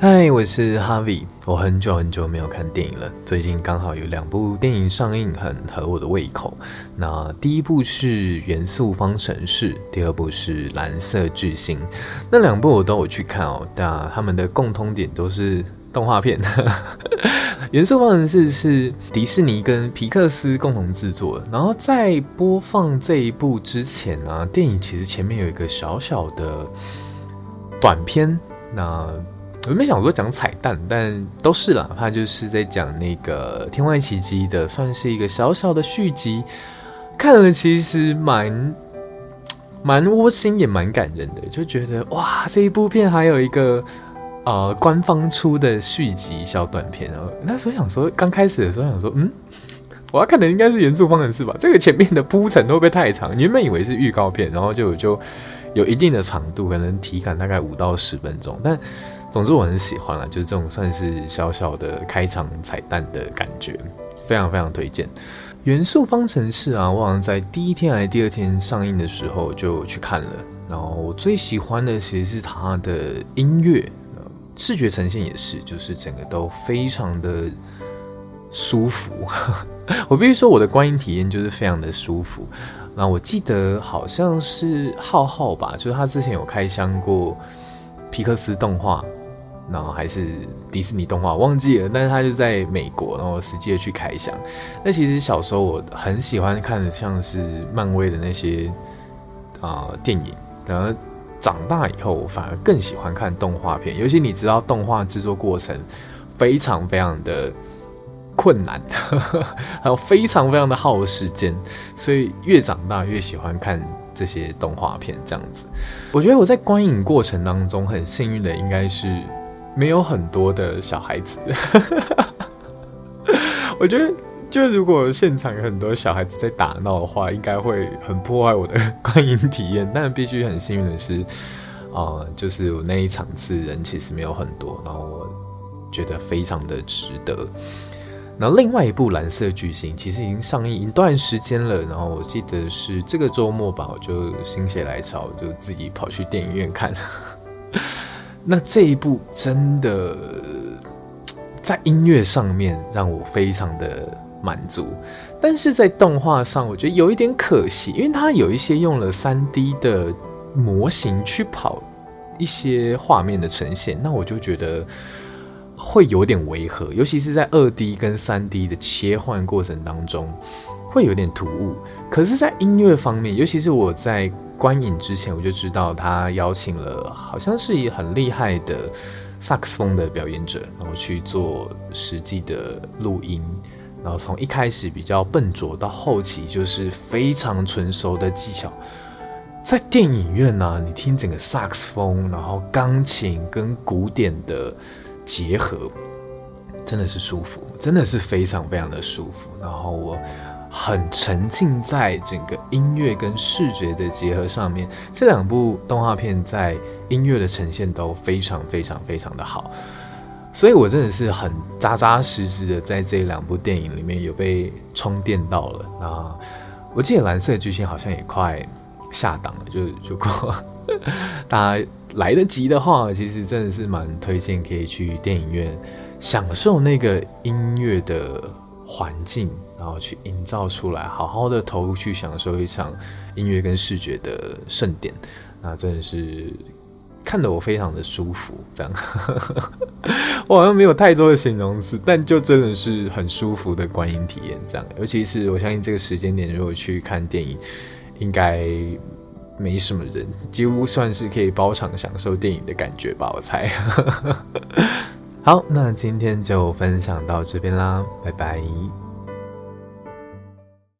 嗨，Hi，我是 Harvie。我很久很久沒有看電影了。最近剛好有兩部電影上映，很合我的胃口。那第一部是《元素方城市》，第二部是《藍色巨星》。那兩部我都有去看哦。但他們的共通點都是動畫片。 《元素方城市》是迪士尼跟皮克斯共同製作的。然後在播放這一部之前呢、啊，電影其實前面有一個小小的短片。那準備想說講彩蛋，但都是了。他就是在講那個《天外奇蹟》的，算是一個小小的續集。看了其實蠻蠻窩心，也蠻感人的。就覺得哇，這一部片還有一個呃官方出的續集小短片。然後那時候想說，剛開始的時候想說，嗯，我要看的應該是元素方城市吧？這個前面的鋪陳會不會太長？原本以為是預告片，然後就就有一定的長度，可能體感大概五到十分鐘，但。總之我很喜歡啊，就是這種算是小小的開場彩蛋的感覺，非常非常推薦。元素方城市啊，我好像在第一天還是第二天上映的時候就去看了。然後我最喜歡的其實是它的音樂，視覺呈現也是，就是整個都非常的舒服。 我必須說我的觀影體驗就是非常的舒服。那我記得好像是浩浩吧，就是他之前有開箱過皮克斯動畫。然後還是迪士尼動畫忘記了，但是他就在美國，然後實際的去開箱。那其實小時候我很喜歡看像是漫威的那些啊、呃、電影，然後長大以後我反而更喜歡看動畫片，尤其你知道動畫制作過程非常非常的困難呵呵，還有非常非常的耗時間，所以越長大越喜歡看這些動畫片。這樣子，我覺得我在觀影過程當中很幸運的應該是沒有很多的小孩子， 我覺得，就如果現場有很多小孩子在打鬧的話，應該會很破壞我的觀影體驗。但必須很幸運的是，啊、呃，就是我那一場次人其實沒有很多，然後我覺得非常的值得。那另外一部藍色巨星其實已經上映一段時間了，然後我記得是這個周末吧，我就心血來潮就自己跑去電影院看。那這一部真的在音樂上面讓我非常的滿足，但是在動畫上我覺得有一點可惜，因為它有一些用了 3D 的模型去跑一些畫面的呈現，那我就覺得會有點違和，尤其是在 2D 跟 3D 的切換過程當中。會有點突兀，可是，在音樂方面，尤其是我在觀影之前，我就知道他邀請了好像是一很厲害的薩克斯風的表演者，然後去做實際的錄音，然後從一開始比較笨拙到後期就是非常純熟的技巧。在電影院呢、啊，你聽整個薩克斯風，然後鋼琴跟古典的結合，真的是舒服，真的是非常非常的舒服。然後我。很沉浸在整個音樂跟視覺的結合上面，這兩部動畫片在音樂的呈現都非常非常非常的好，所以我真的是很扎扎實實的在這兩部電影裡面有被充電到了。那我記得藍色巨星好像也快下檔了，就如果 大家來得及的話，其實真的是蠻推薦可以去電影院享受那個音樂的。環境，然後去營造出來，好好的投入去享受一場音樂跟視覺的盛典，那真的是看得我非常的舒服。這樣， 我好像沒有太多的形容詞，但就真的是很舒服的觀影體驗。這樣，尤其是我相信這個時間點，如果去看電影，應該沒什麼人，幾乎算是可以包場享受電影的感覺吧。我猜。 好，那今天就分享到這邊啦，拜拜。